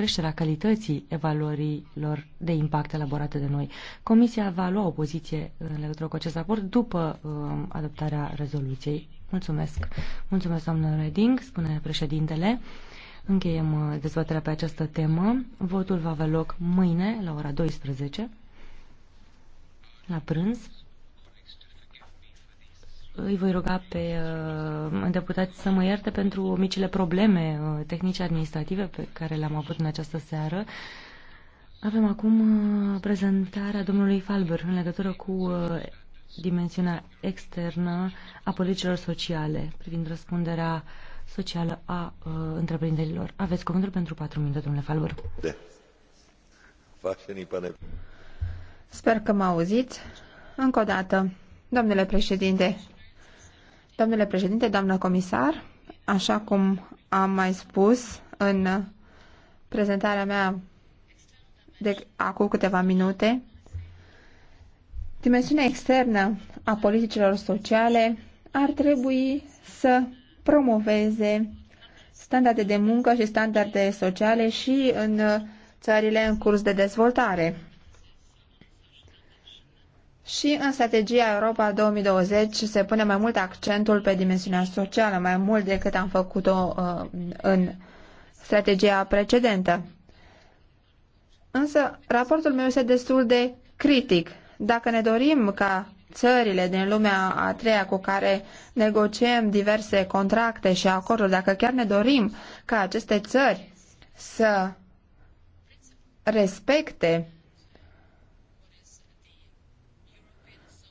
creșterea calității evaluărilor de impact elaborate de noi. Comisia va lua o poziție în legătură cu acest raport după uh, adoptarea rezoluției. Mulțumesc. Mulțumesc, doamnă Reding, spune președintele. Încheiem uh, dezbaterea pe această temă. Votul va avea loc mâine la ora 12 la prânz îi voi ruga pe uh, deputați să mă ierte pentru micile probleme uh, tehnice administrative pe care le-am avut în această seară. Avem acum uh, prezentarea domnului Falber în legătură cu uh, dimensiunea externă a politicilor sociale privind răspunderea socială a uh, întreprinderilor. Aveți cuvântul pentru 4 minute, domnule Falber. De. Sper că mă auziți. Încă o dată, domnule președinte, Domnule președinte, doamnă comisar, așa cum am mai spus în prezentarea mea de acum câteva minute, dimensiunea externă a politicilor sociale ar trebui să promoveze standarde de muncă și standarde sociale și în țările în curs de dezvoltare. Și în strategia Europa 2020 se pune mai mult accentul pe dimensiunea socială, mai mult decât am făcut-o uh, în strategia precedentă. Însă, raportul meu este destul de critic. Dacă ne dorim ca țările din lumea a treia cu care negociem diverse contracte și acorduri, dacă chiar ne dorim ca aceste țări să respecte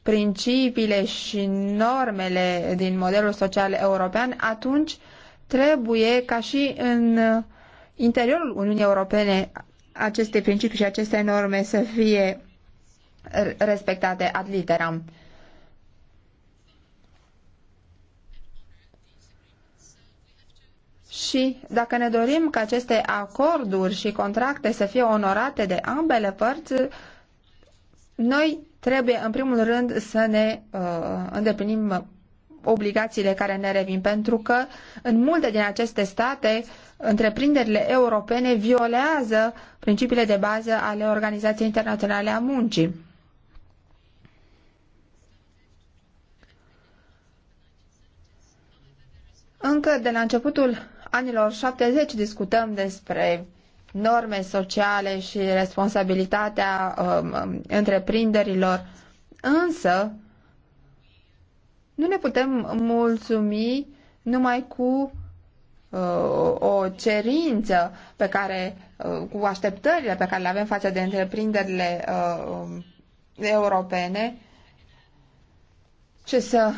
principiile și normele din modelul social european, atunci trebuie ca și în interiorul Uniunii Europene aceste principii și aceste norme să fie respectate ad literam. Și dacă ne dorim ca aceste acorduri și contracte să fie onorate de ambele părți, noi Trebuie, în primul rând, să ne uh, îndeplinim obligațiile care ne revin, pentru că în multe din aceste state, întreprinderile europene violează principiile de bază ale Organizației Internaționale a Muncii. Încă de la începutul anilor 70 discutăm despre norme sociale și responsabilitatea um, um, întreprinderilor, însă nu ne putem mulțumi numai cu uh, o cerință pe care, uh, cu așteptările pe care le avem față de întreprinderile uh, um, europene și să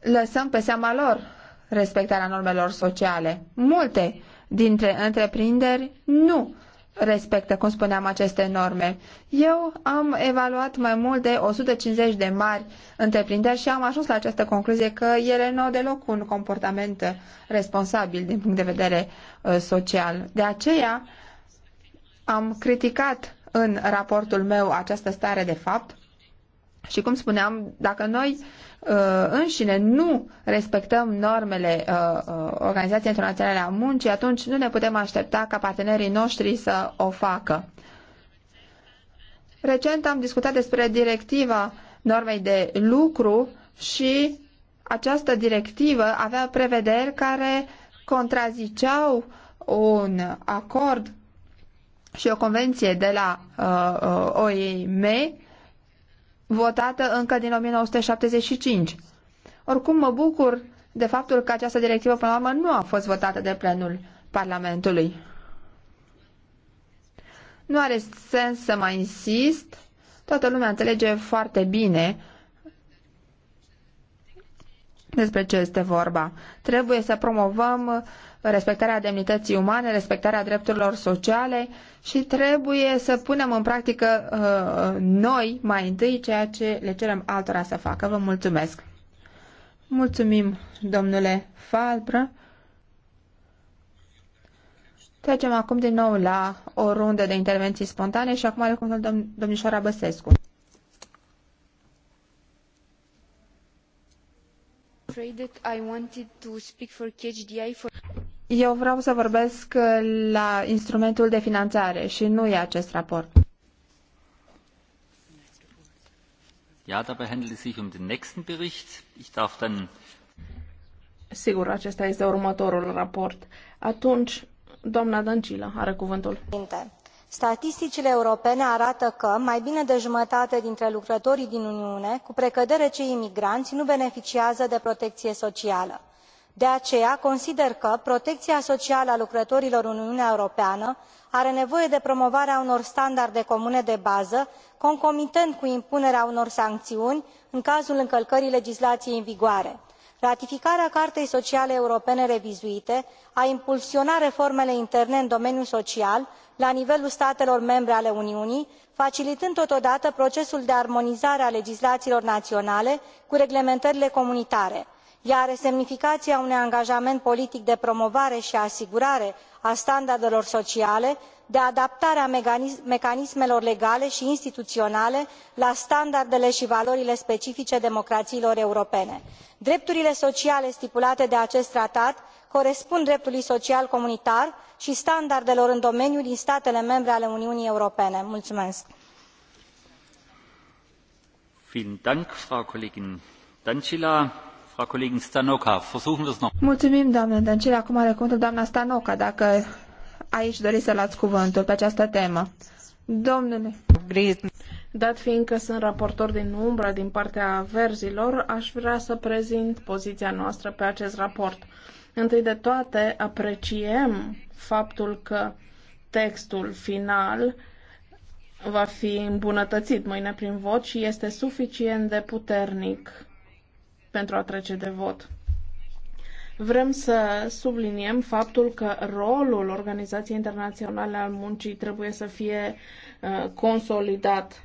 lăsăm pe seama lor respectarea normelor sociale. Multe dintre întreprinderi nu respectă, cum spuneam, aceste norme. Eu am evaluat mai mult de 150 de mari întreprinderi și am ajuns la această concluzie că ele nu au deloc un comportament responsabil din punct de vedere uh, social. De aceea am criticat în raportul meu această stare de fapt și, cum spuneam, dacă noi uh, Uh, înșine nu respectăm normele uh, uh, Organizației Internaționale a Muncii, atunci nu ne putem aștepta ca partenerii noștri să o facă. Recent am discutat despre directiva normei de lucru și această directivă avea prevederi care contraziceau un acord și o convenție de la uh, OIM votată încă din 1975. Oricum mă bucur de faptul că această directivă până la urmă nu a fost votată de plenul Parlamentului. Nu are sens să mai insist, toată lumea înțelege foarte bine despre ce este vorba. Trebuie să promovăm respectarea demnității umane, respectarea drepturilor sociale și trebuie să punem în practică uh, noi mai întâi ceea ce le cerem altora să facă. Vă mulțumesc! Mulțumim, domnule Falbră. Trecem acum din nou la o rundă de intervenții spontane și acum are cuvântul dom- domnișoara Băsescu. Eu vreau să vorbesc la instrumentul de finanțare și nu e acest raport. Ja, dabei handelt es sich um den nächsten Bericht. Ich darf dann Sigur, acesta este următorul raport. Atunci, doamna Dancila are cuvântul statisticile europene arată că mai bine de jumătate dintre lucrătorii din uniune cu precădere cei imigrani nu beneficiază de protecie socială. de aceea consider că protecia socială a lucrătorilor în uniunea europeană are nevoie de promovarea unor standarde comune de bază concomitent cu impunerea unor sanciuni în cazul încălcării legislaiei în vigoare ratificarea cartei sociale europene revizuite a impulsionat reformele interne în domeniul social la nivelul statelor membre ale uniunii facilitând totodată procesul de armonizare a legislaiilor naionale cu reglementările comunitare ea are semnificaia unui angajament politic de promovare i asigurare a standardelor sociale de adaptare a mecanismelor legale i instituionale la standardele i valorile specifice democraiilor europene. drepturile sociale stipulate de acest tratat corespund dreptului social comunitar i standardelor în domeniu din statele membre ale uniunii europene. Mulțumesc. Mulțumim, doamnă Dăncilă. Acum are cuvântul doamna Stanoca, dacă aici doriți să luați cuvântul pe această temă. Domnule. Dat fiindcă că sunt raportor din umbra din partea verzilor, aș vrea să prezint poziția noastră pe acest raport. Întâi de toate, apreciem faptul că textul final va fi îmbunătățit mâine prin vot și este suficient de puternic pentru a trece de vot. Vrem să subliniem faptul că rolul Organizației Internaționale al Muncii trebuie să fie uh, consolidat.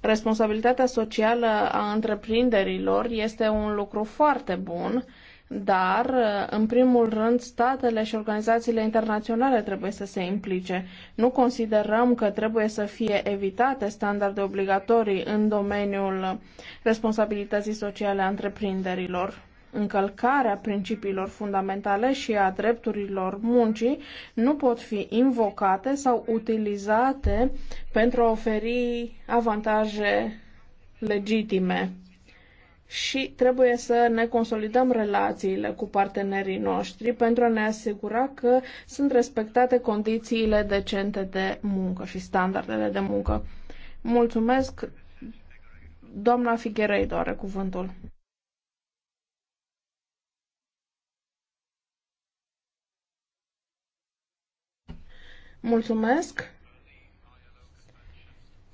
Responsabilitatea socială a întreprinderilor este un lucru foarte bun dar, în primul rând, statele și organizațiile internaționale trebuie să se implice. Nu considerăm că trebuie să fie evitate standarde obligatorii în domeniul responsabilității sociale a întreprinderilor. Încălcarea principiilor fundamentale și a drepturilor muncii nu pot fi invocate sau utilizate pentru a oferi avantaje legitime și trebuie să ne consolidăm relațiile cu partenerii noștri pentru a ne asigura că sunt respectate condițiile decente de muncă și standardele de muncă. Mulțumesc. Doamna Figherei doare cuvântul. Mulțumesc.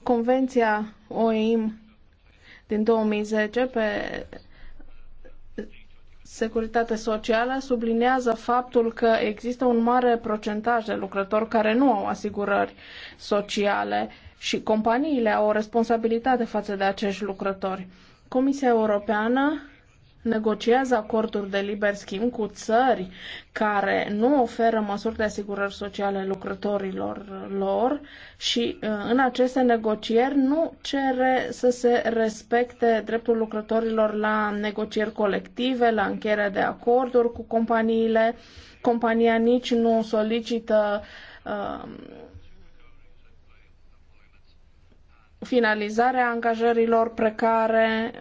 Convenția OIM din 2010 pe Securitate Socială subliniază faptul că există un mare procentaj de lucrători care nu au asigurări sociale și companiile au o responsabilitate față de acești lucrători. Comisia Europeană negociază acorduri de liber schimb cu țări care nu oferă măsuri de asigurări sociale lucrătorilor lor și uh, în aceste negocieri nu cere să se respecte dreptul lucrătorilor la negocieri colective, la încheierea de acorduri cu companiile. Compania nici nu solicită uh, finalizarea angajărilor precare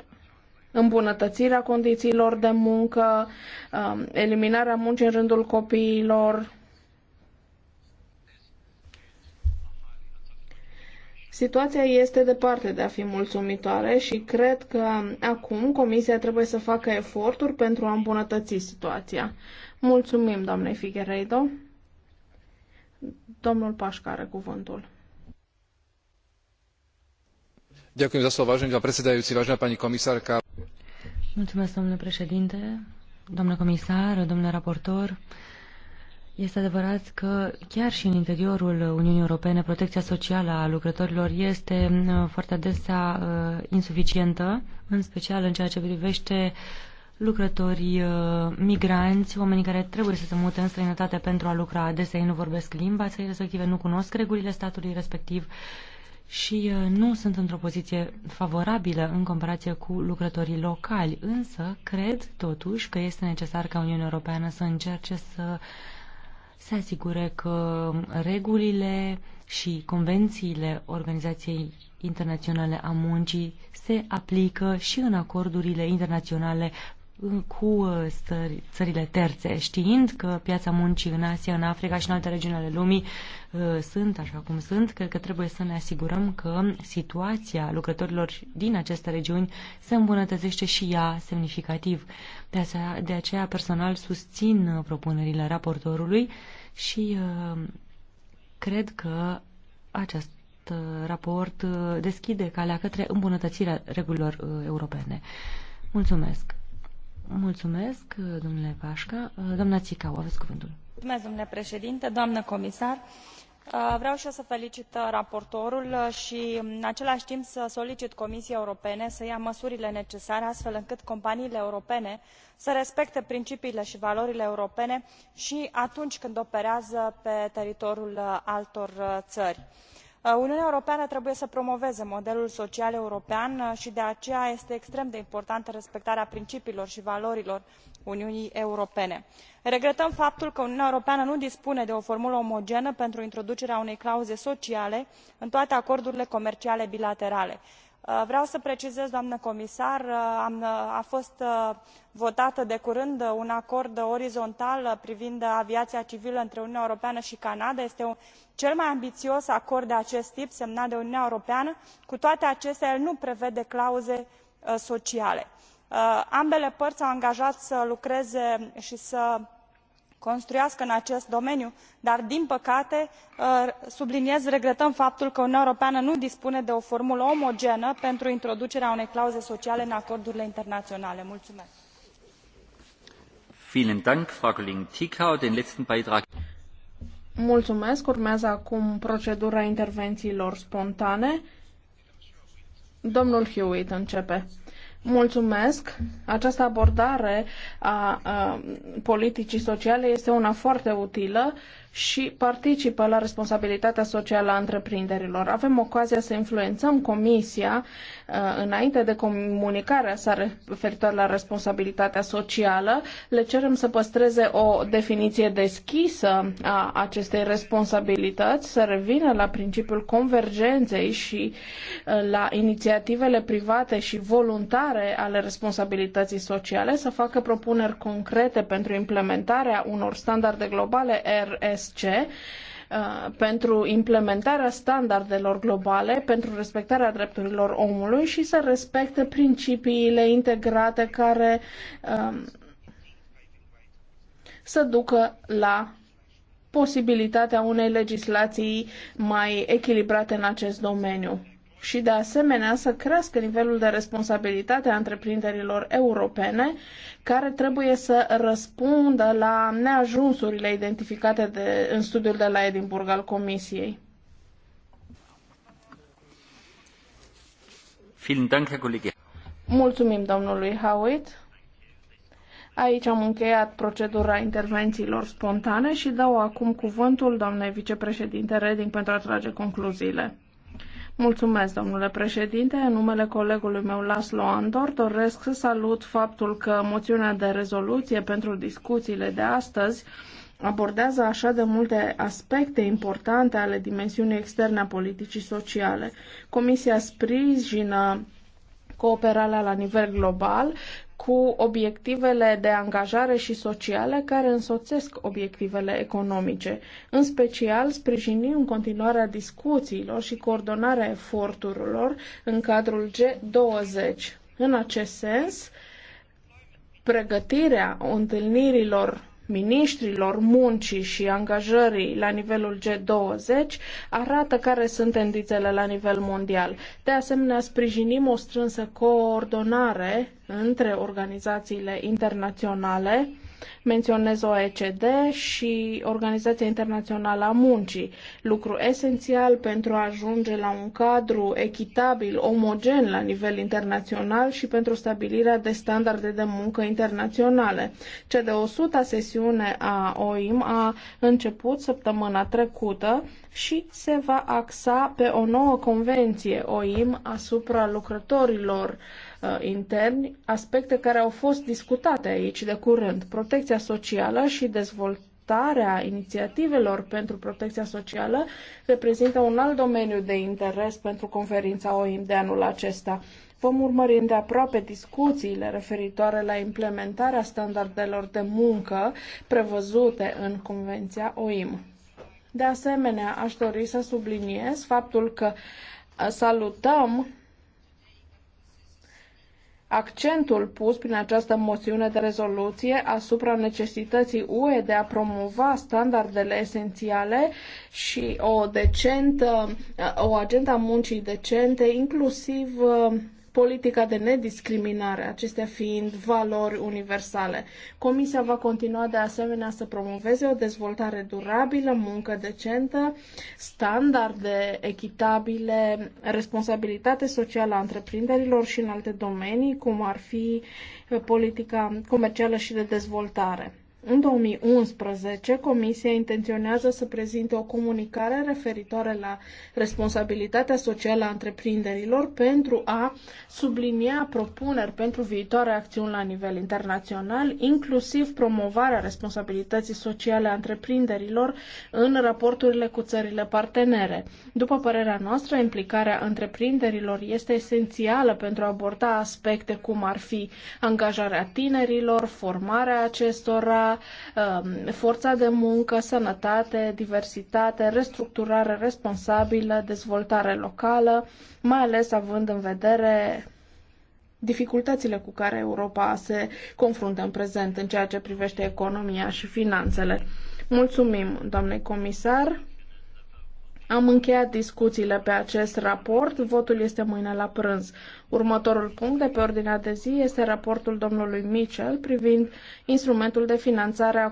îmbunătățirea condițiilor de muncă, um, eliminarea muncii în rândul copiilor. Situația este departe de a fi mulțumitoare și cred că acum Comisia trebuie să facă eforturi pentru a îmbunătăți situația. Mulțumim, doamnei Figueiredo. Domnul Pașca are cuvântul. Ďakujem za slovo, vážený pán predsedajúci, vážená pani komisárka. Mulțumesc, domnule președinte, domnule comisar, domnule raportor. Este adevărat că chiar și în interiorul Uniunii Europene protecția socială a lucrătorilor este uh, foarte adesea uh, insuficientă, în special în ceea ce privește lucrătorii uh, migranți, oamenii care trebuie să se mute în străinătate pentru a lucra, adesea ei nu vorbesc limba să respective, nu cunosc regulile statului respectiv și uh, nu sunt într-o poziție favorabilă în comparație cu lucrătorii locali, însă cred totuși că este necesar ca Uniunea Europeană să încerce să se asigure că regulile și convențiile Organizației Internaționale a Muncii se aplică și în acordurile internaționale cu uh, țările terțe, știind că piața muncii în Asia, în Africa și în alte regiuni ale lumii uh, sunt așa cum sunt, cred că trebuie să ne asigurăm că situația lucrătorilor din aceste regiuni se îmbunătățește și ea semnificativ. De aceea, personal susțin uh, propunerile raportorului și cred că acest raport deschide calea către îmbunătățirea regulilor europene. Mulțumesc! Mulțumesc, domnule Pașca. Doamna Țicau, aveți cuvântul. Mulțumesc, domnule președinte, doamnă comisar. Uh, vreau și eu să felicit uh, raportorul uh, și în același timp să solicit Comisiei Europene să ia măsurile necesare astfel încât companiile europene să respecte principiile și valorile europene și atunci când operează pe teritoriul altor țări Uh, uniunea europeană trebuie să promoveze modelul social european uh, i de aceea este extrem de importantă respectarea principiilor i valorilor uniunii europene. regretăm faptul că uniunea europeană nu dispune de o formulă omogenă pentru introducerea unei clauze sociale în toate acordurile comerciale bilaterale. Uh, vreau să precizez doamnă comisar uh, uh, a fost votat de curând un acord orizontal privind aviaia civilă între uniunea europeană i canada este cel mai ambiios acord de acest tip semnat de uniunea europeană cu toate acestea el nu prevede clauze sociale. ambele pări s au angajat să lucreze i să construiască în acest domeniu dar din păcate ă, subliniez regretăm faptul că uniunea europeană nu dispune de o formulă omogenă pentru introducerea unei clauze sociale în acordurile internaionale. Mulțumesc. Urmează acum procedura intervențiilor spontane. Domnul Hewitt începe. Mulțumesc. Această abordare a, a politicii sociale este una foarte utilă și participă la responsabilitatea socială a întreprinderilor. Avem ocazia să influențăm Comisia a, înainte de comunicarea sa referitoare la responsabilitatea socială. Le cerem să păstreze o definiție deschisă a acestei responsabilități, să revină la principiul convergenței și a, la inițiativele private și voluntare clare ale responsabilității sociale, să facă propuneri concrete pentru implementarea unor standarde globale RSC, uh, pentru implementarea standardelor globale, pentru respectarea drepturilor omului și să respecte principiile integrate care um, să ducă la posibilitatea unei legislații mai echilibrate în acest domeniu și, de asemenea, să crească nivelul de responsabilitate a întreprinderilor europene, care trebuie să răspundă la neajunsurile identificate de, în studiul de la Edinburgh al Comisiei. Mulțumim domnului Howitt. Aici am încheiat procedura intervențiilor spontane și dau acum cuvântul doamnei vicepreședinte Reding pentru a trage concluziile. Mulțumesc, domnule președinte. În numele colegului meu, Laslo Andor, doresc să salut faptul că moțiunea de rezoluție pentru discuțiile de astăzi abordează așa de multe aspecte importante ale dimensiunii externe a politicii sociale. Comisia sprijină cooperarea la nivel global cu obiectivele de angajare și sociale care însoțesc obiectivele economice. În special, sprijinim continuarea discuțiilor și coordonarea eforturilor în cadrul G20. În acest sens, pregătirea întâlnirilor ministrilor muncii și angajării la nivelul G20 arată care sunt tendințele la nivel mondial. De asemenea, sprijinim o strânsă coordonare între organizațiile internaționale Menționez OECD și Organizația Internațională a Muncii, lucru esențial pentru a ajunge la un cadru echitabil, omogen la nivel internațional și pentru stabilirea de standarde de muncă internaționale. Cea de 100-a sesiune a OIM a început săptămâna trecută și se va axa pe o nouă convenție OIM asupra lucrătorilor uh, interni, aspecte care au fost discutate aici de curând, protecția socială și dezvoltarea inițiativelor pentru protecția socială reprezintă un alt domeniu de interes pentru conferința OIM de anul acesta. Vom urmări îndeaproape discuțiile referitoare la implementarea standardelor de muncă prevăzute în Convenția OIM. De asemenea, aș dori să subliniez faptul că uh, salutăm accentul pus prin această moțiune de rezoluție asupra necesității UE de a promova standardele esențiale și o decentă, uh, o agenda muncii decente, inclusiv uh, politica de nediscriminare, acestea fiind valori universale. Comisia va continua de asemenea să promoveze o dezvoltare durabilă, muncă decentă, standarde echitabile, responsabilitate socială a întreprinderilor și în alte domenii, cum ar fi politica comercială și de dezvoltare. În 2011, Comisia intenționează să prezinte o comunicare referitoare la responsabilitatea socială a întreprinderilor pentru a sublinia propuneri pentru viitoare acțiuni la nivel internațional, inclusiv promovarea responsabilității sociale a întreprinderilor în raporturile cu țările partenere. După părerea noastră, implicarea întreprinderilor este esențială pentru a aborda aspecte cum ar fi angajarea tinerilor, formarea acestora, Um, forța de muncă, sănătate, diversitate, restructurare responsabilă, dezvoltare locală, mai ales având în vedere dificultățile cu care Europa se confruntă în prezent în ceea ce privește economia și finanțele. Mulțumim, doamne comisar. Am încheiat discuțiile pe acest raport. Votul este mâine la prânz. Următorul punct de pe ordinea de zi este raportul domnului Mitchell privind instrumentul de finanțare a